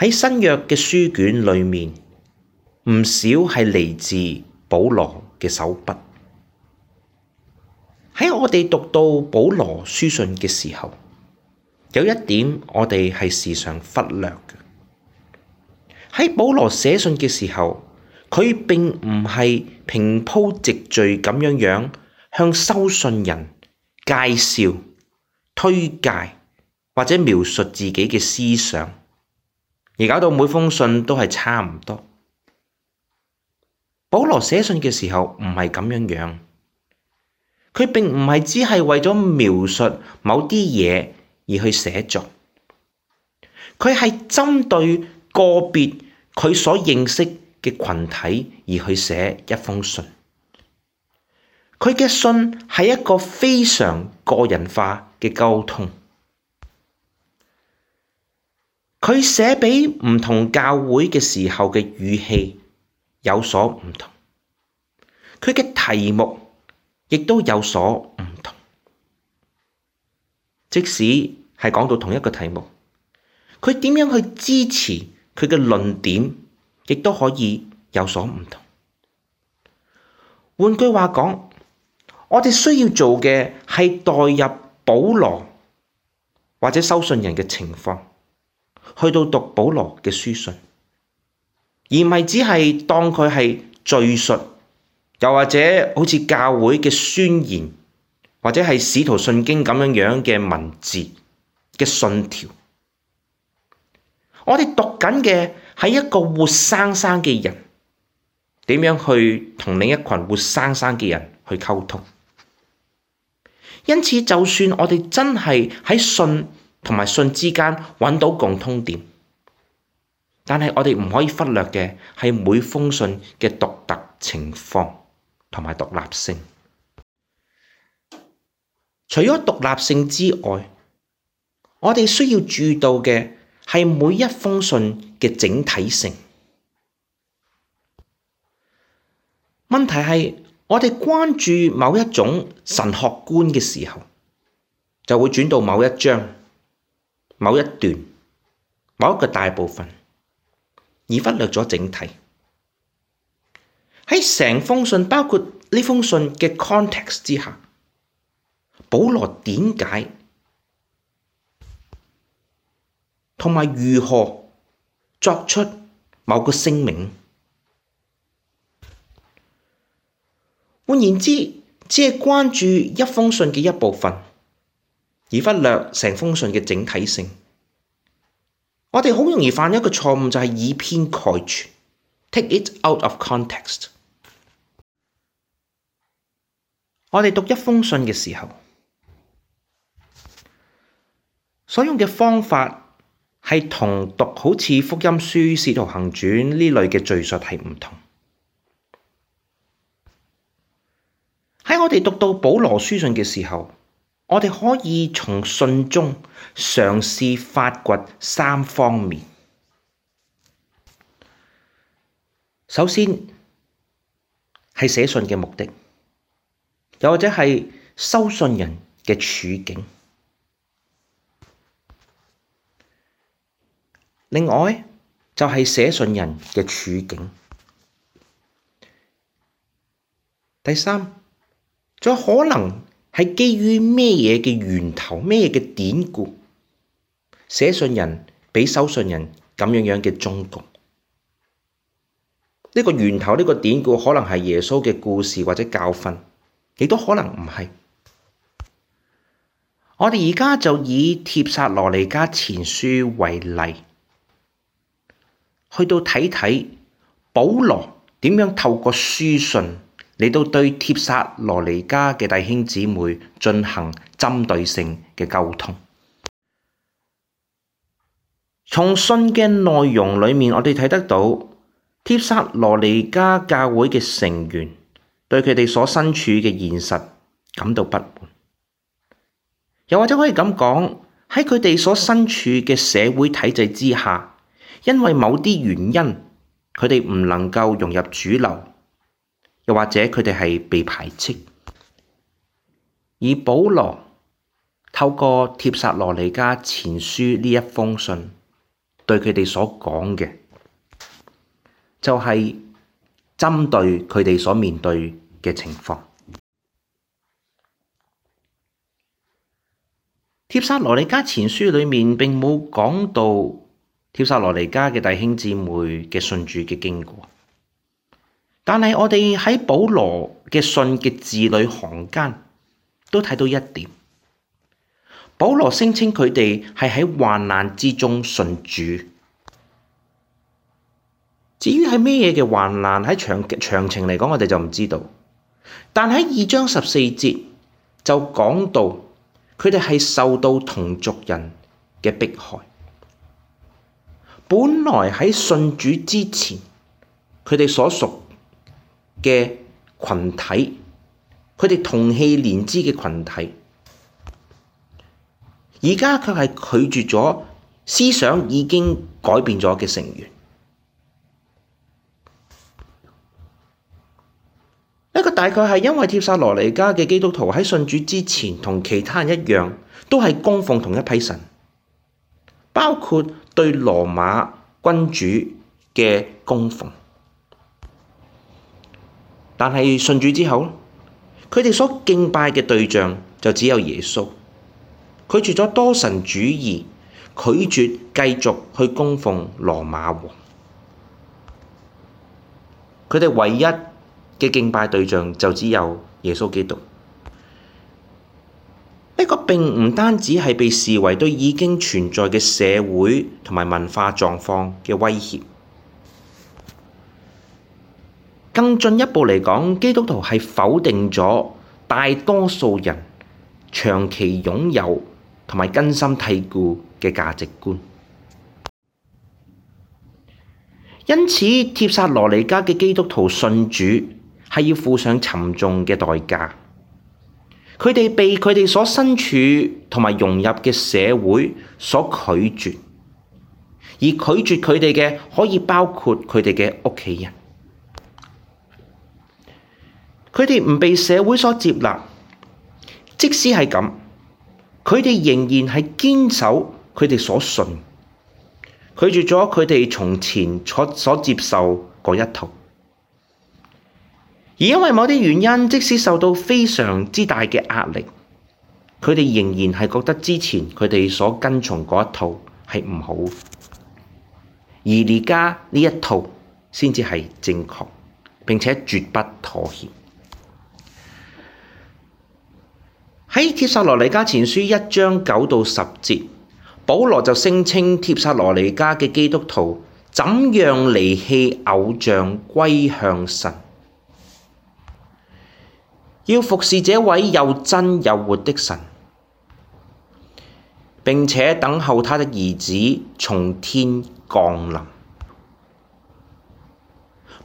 喺新約嘅書卷裏面，唔少係嚟自保羅嘅手筆。喺我哋讀到保羅書信嘅時候，有一點我哋係時常忽略嘅。喺保羅寫信嘅時候，佢並唔係平鋪直敍咁樣樣向收信人介紹、推介，或者描述自己嘅思想。而搞到每封信都係差唔多。保羅寫信嘅時候唔係咁樣樣，佢並唔係只係為咗描述某啲嘢而去寫作，佢係針對個別佢所認識嘅群體而去寫一封信。佢嘅信係一個非常個人化嘅溝通。佢寫俾唔同教會嘅時候嘅語氣有所唔同，佢嘅題目亦都有所唔同。即使係講到同一個題目，佢點樣去支持佢嘅論點，亦都可以有所唔同。換句話講，我哋需要做嘅係代入保羅或者收信人嘅情況。去到讀保羅嘅書信，而唔係只係當佢係敘述，又或者好似教會嘅宣言，或者係使徒信經咁樣樣嘅文字嘅信條。我哋讀緊嘅係一個活生生嘅人，點樣去同另一群活生生嘅人去溝通。因此，就算我哋真係喺信同埋信之間揾到共通點，但係我哋唔可以忽略嘅係每封信嘅獨特情況同埋獨立性。除咗獨立性之外，我哋需要注意嘅係每一封信嘅整體性。問題係我哋關注某一種神學觀嘅時候，就會轉到某一章。某一段，某一個大部分，而忽略咗整體。喺成封信，包括呢封信嘅 context 之下，保羅點解同埋如何作出某個聲明？換言之，只係關注一封信嘅一部分。而忽略成封信嘅整體性，我哋好容易犯一個錯誤，就係、是、以偏概全 （take it out of context）。我哋讀一封信嘅時候，所用嘅方法係同讀好似《福音書》《使徒行傳》呢類嘅敘述係唔同。喺我哋讀到保羅書信嘅時候，我哋可以從信中嘗試發掘三方面。首先係寫信嘅目的，又或者係收信人嘅處境。另外就係、是、寫信人嘅處境。第三，仲有可能。係基於咩嘢嘅源頭？咩嘢嘅典故？寫信人俾收信人咁樣樣嘅忠告。呢個源頭，呢個典故，可能係耶穌嘅故事或者教訓，亦都可能唔係。我哋而家就以帖撒羅尼迦前書為例，去到睇睇保羅點樣透過書信。嚟到對帖撒羅尼加嘅弟兄姊妹進行針對性嘅溝通。從信嘅內容裏面，我哋睇得到帖撒羅尼加教會嘅成員對佢哋所身處嘅現實感到不滿，又或者可以咁講，喺佢哋所身處嘅社會體制之下，因為某啲原因，佢哋唔能夠融入主流。又或者佢哋係被排斥，而保羅透過帖撒羅尼迦前書呢一封信，對佢哋所講嘅，就係、是、針對佢哋所面對嘅情況。帖撒羅尼迦前書裏面並冇講到帖撒羅尼迦嘅弟兄姊妹嘅信主嘅經過。但係我哋喺保羅嘅信嘅字裏行間都睇到一點，保羅聲稱佢哋係喺患難之中信主。至於係咩嘢嘅患難，喺長長情嚟講，我哋就唔知道。但喺二章十四節就講到佢哋係受到同族人嘅迫害。本來喺信主之前，佢哋所屬。嘅群體，佢哋同氣連枝嘅群體，而家卻係拒絕咗思想已經改變咗嘅成員。呢、這個大概係因為帖撒羅尼迦嘅基督徒喺信主之前同其他人一樣，都係供奉同一批神，包括對羅馬君主嘅供奉。但係信主之後，佢哋所敬拜嘅對象就只有耶穌，拒絕咗多神主義，拒絕繼續去供奉羅馬王。佢哋唯一嘅敬拜對象就只有耶穌基督。呢個並唔單止係被視為對已經存在嘅社會同埋文化狀況嘅威脅。更進一步嚟講，基督徒係否定咗大多數人長期擁有同埋根深蒂固嘅價值觀。因此，帖撒羅尼迦嘅基督徒信主係要付上沉重嘅代價。佢哋被佢哋所身處同埋融入嘅社會所拒絕，而拒絕佢哋嘅可以包括佢哋嘅屋企人。佢哋唔被社會所接納，即使係咁，佢哋仍然係堅守佢哋所信，拒絕咗佢哋從前所所接受嗰一套。而因為某啲原因，即使受到非常之大嘅壓力，佢哋仍然係覺得之前佢哋所跟從嗰一套係唔好，而而家呢一套先至係正確，並且絕不妥協。喺帖撒羅尼加前書一章九到十節，保羅就聲稱帖撒羅尼加嘅基督徒怎樣離棄偶像歸向神，要服侍這位又真又活的神，並且等候他的兒子從天降臨。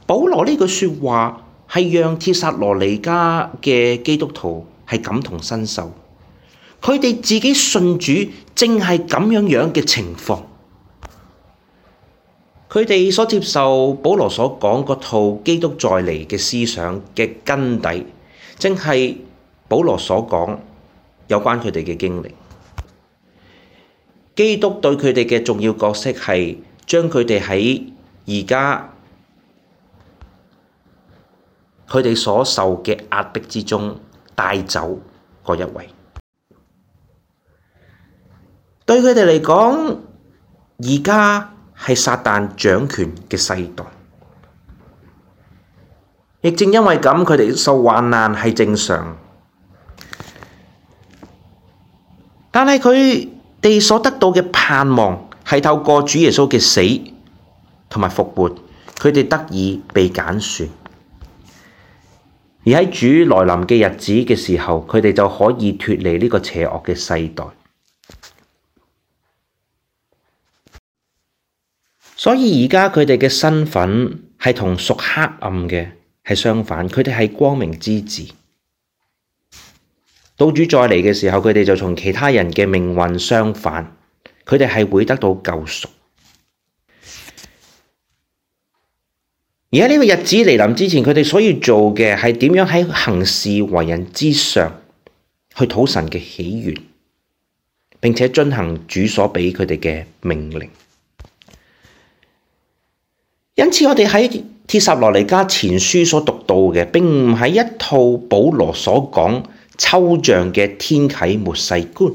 保羅呢句說話係讓帖撒羅尼加嘅基督徒。係感同身受，佢哋自己信主正，正係咁樣樣嘅情況。佢哋所接受保羅所講嗰套基督再嚟嘅思想嘅根底，正係保羅所講有關佢哋嘅經歷。基督對佢哋嘅重要角色係將佢哋喺而家佢哋所受嘅壓迫之中。帶走嗰一位對，對佢哋嚟講，而家係撒旦掌權嘅世代，亦正因為咁，佢哋受患難係正常。但係佢哋所得到嘅盼望，係透過主耶穌嘅死同埋復活，佢哋得以被揀選。而喺主來臨嘅日子嘅時候，佢哋就可以脫離呢個邪惡嘅世代。所以而家佢哋嘅身份係同屬黑暗嘅，係相反，佢哋係光明之子。到主再嚟嘅時候，佢哋就同其他人嘅命運相反，佢哋係會得到救贖。而喺呢個日子來臨之前，佢哋所要做嘅係點樣喺行事為人之上去討神嘅起源，並且遵行主所俾佢哋嘅命令。因此我，我哋喺《帖撒羅尼迦前書》所讀到嘅，並唔係一套保羅所講抽象嘅天啟末世觀，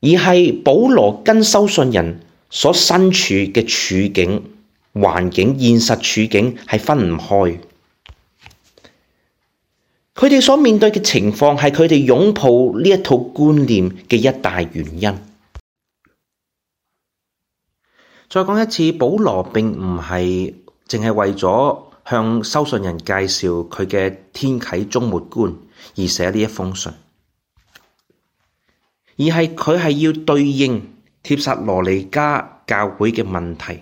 而係保羅跟收信人。所身處嘅處境、環境、現實處境係分唔開，佢哋所面對嘅情況係佢哋擁抱呢一套觀念嘅一大原因。再講一次，保羅並唔係淨係為咗向收信人介紹佢嘅天啟終末觀而寫呢一封信，而係佢係要對應帖撒羅尼迦教會嘅問題，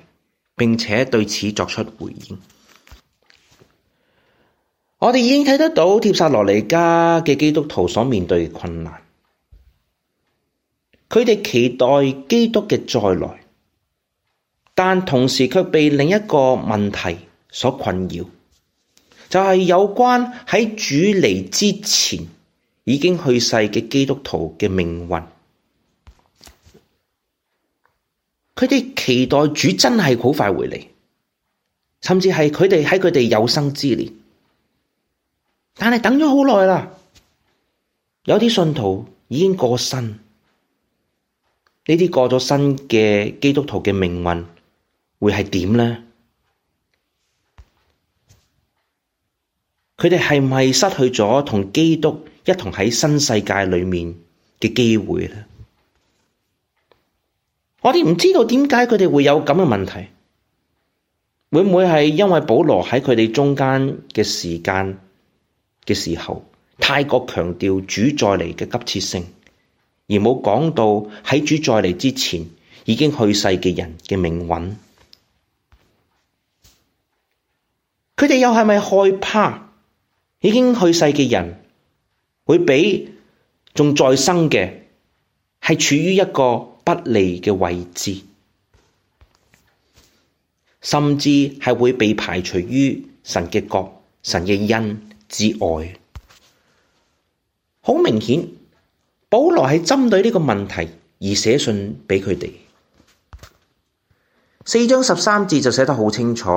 並且對此作出回應。我哋已經睇得到帖撒羅尼迦嘅基督徒所面對嘅困難，佢哋期待基督嘅再來，但同時卻被另一個問題所困擾，就係、是、有關喺主嚟之前已經去世嘅基督徒嘅命運。佢哋期待主真係好快回嚟，甚至係佢哋喺佢哋有生之年。但係等咗好耐啦，有啲信徒已經過身，呢啲過咗身嘅基督徒嘅命運會係點呢？佢哋係唔係失去咗同基督一同喺新世界裏面嘅機會呢？我哋唔知道點解佢哋會有咁嘅問題，會唔會係因為保羅喺佢哋中間嘅時間嘅時候太過強調主再嚟嘅急切性，而冇講到喺主再嚟之前已經去世嘅人嘅命運？佢哋又係咪害怕已經去世嘅人會比仲在生嘅係處於一個？不利嘅位置，甚至係會被排除於神嘅國、神嘅恩之外。好明顯，保羅係針對呢個問題而寫信畀佢哋。四章十三節就寫得好清楚，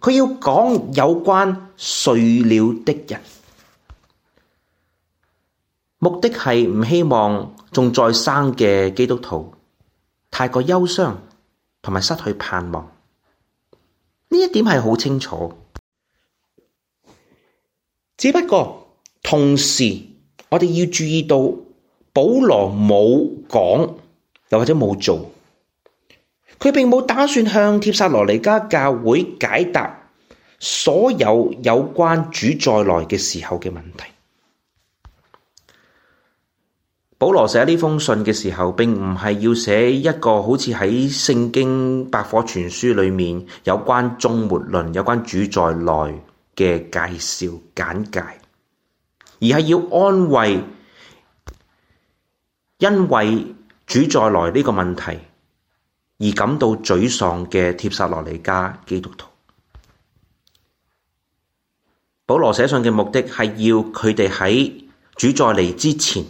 佢要講有關睡了的人。目的係唔希望仲再生嘅基督徒太過憂傷同埋失去盼望，呢一點係好清楚。只不過同時，我哋要注意到保羅冇講又或者冇做，佢並冇打算向帖撒羅尼加教會解答所有有關主再來嘅時候嘅問題。保羅寫呢封信嘅時候，並唔係要寫一個好似喺聖經百科全書裏面有關終末論、有關主再來嘅介紹簡介，而係要安慰因為主再來呢個問題而感到沮喪嘅帖撒羅尼加基督徒。保羅寫信嘅目的係要佢哋喺主再嚟之前，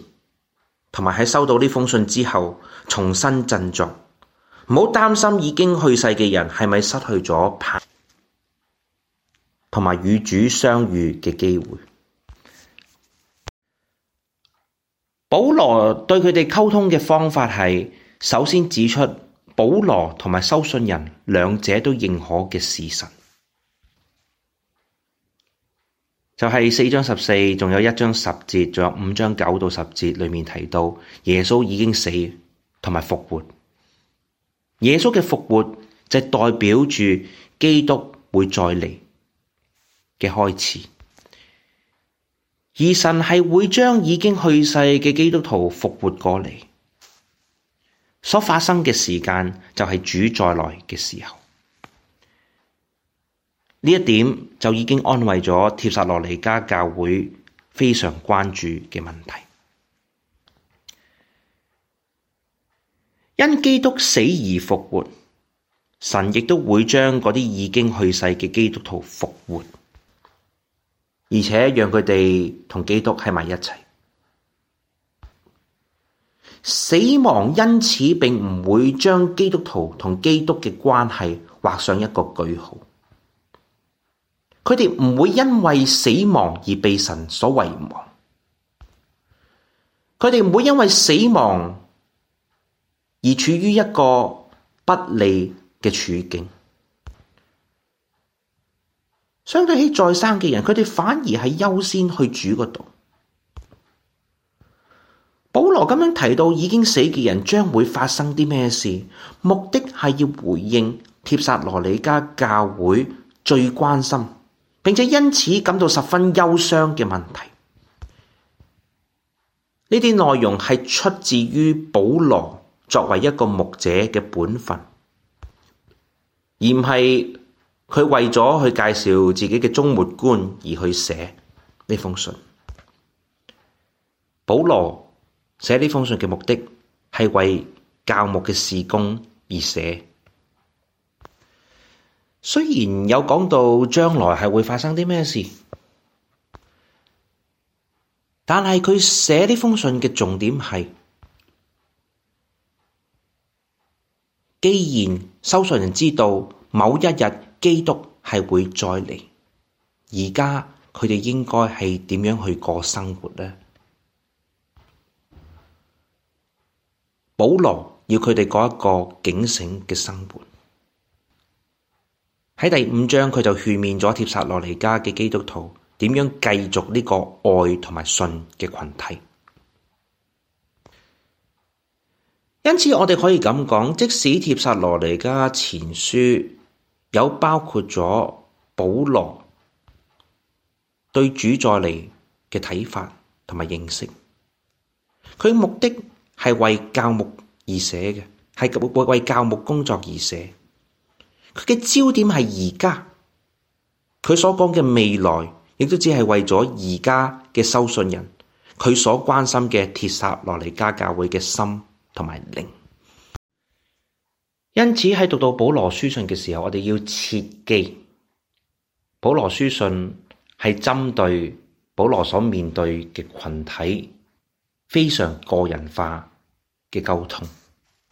同埋喺收到呢封信之後，重新振作，唔好擔心已經去世嘅人係咪失去咗盼，同埋與主相遇嘅機會。保羅對佢哋溝通嘅方法係，首先指出保羅同埋收信人兩者都認可嘅事實。就係四章十四，仲有一章十節，仲有五章九到十節裏面提到耶穌已經死同埋復活。耶穌嘅復活就是，代表住基督會再嚟嘅開始，而神係會將已經去世嘅基督徒復活過嚟，所發生嘅時間就係主再來嘅時候。呢一點就已經安慰咗帖撒羅尼迦教會非常關注嘅問題。因基督死而復活，神亦都會將嗰啲已經去世嘅基督徒復活，而且讓佢哋同基督喺埋一齊。死亡因此並唔會將基督徒同基督嘅關係畫上一個句號。佢哋唔會因為死亡而被神所遺忘，佢哋唔會因為死亡而處於一個不利嘅處境。相對起在生嘅人，佢哋反而係優先去主嗰度。保羅咁樣提到已經死嘅人將會發生啲咩事，目的係要回應帖撒羅尼加教會最關心，並且因此感到十分憂傷嘅問題，呢啲內容係出自於保羅作為一個牧者嘅本分，而唔係佢為咗去介紹自己嘅終末觀而去寫呢封信。保羅寫呢封信嘅目的係為教牧嘅事工而寫。雖然有講到將來係會發生啲咩事，但係佢寫呢封信嘅重點係，既然收信人知道某一日基督係會再嚟，而家佢哋應該係點樣去過生活呢？保羅要佢哋過一個警醒嘅生活。喺第五章，佢就勸勉咗帖撒羅尼迦嘅基督徒點樣繼續呢個愛同埋信嘅群體。因此，我哋可以咁講，即使帖撒羅尼迦前書有包括咗保羅對主再嚟嘅睇法同埋認識，佢目的係為教牧而寫嘅，係為教牧工作而寫。佢嘅焦點係而家，佢所講嘅未來，亦都只係為咗而家嘅收信人，佢所關心嘅帖撒羅尼迦教會嘅心同埋靈。因此喺讀到保羅書信嘅時候，我哋要切記，保羅書信係針對保羅所面對嘅群體，非常個人化嘅溝通。